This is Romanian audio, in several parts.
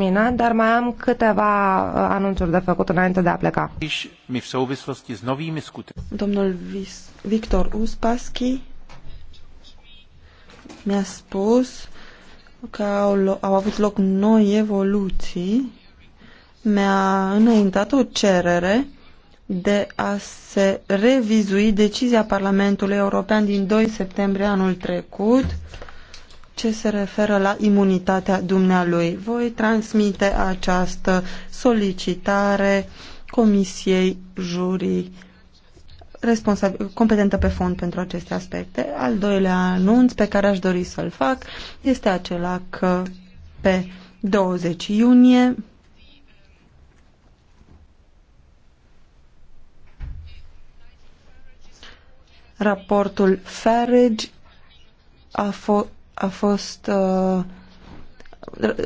terminat, dar mai am câteva uh, anunțuri de făcut înainte de a pleca. Domnul Victor Uspaschi mi-a spus că au, au avut loc noi evoluții. Mi-a înaintat o cerere de a se revizui decizia Parlamentului European din 2 septembrie anul trecut ce se referă la imunitatea dumnealui. Voi transmite această solicitare Comisiei Jurii competentă pe fond pentru aceste aspecte. Al doilea anunț pe care aș dori să-l fac este acela că pe 20 iunie raportul Farage a fost a fost uh,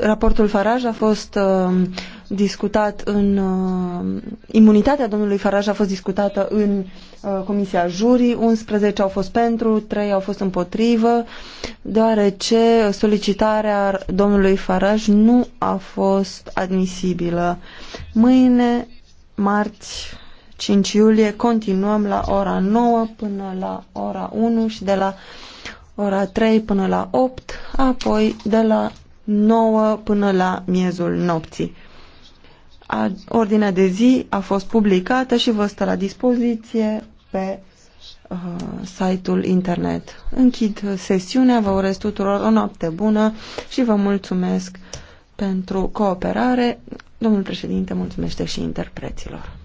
raportul Faraj a fost uh, discutat în uh, imunitatea domnului Faraj a fost discutată în comisia jurii, 11 au fost pentru, 3 au fost împotrivă, deoarece solicitarea domnului Faraj nu a fost admisibilă. Mâine, marți 5 iulie, continuăm la ora 9 până la ora 1 și de la ora 3 până la 8, apoi de la 9 până la miezul nopții. A, ordinea de zi a fost publicată și vă stă la dispoziție pe uh, site-ul internet. Închid sesiunea, vă urez tuturor o noapte bună și vă mulțumesc pentru cooperare. Domnul președinte, mulțumește și interpreților.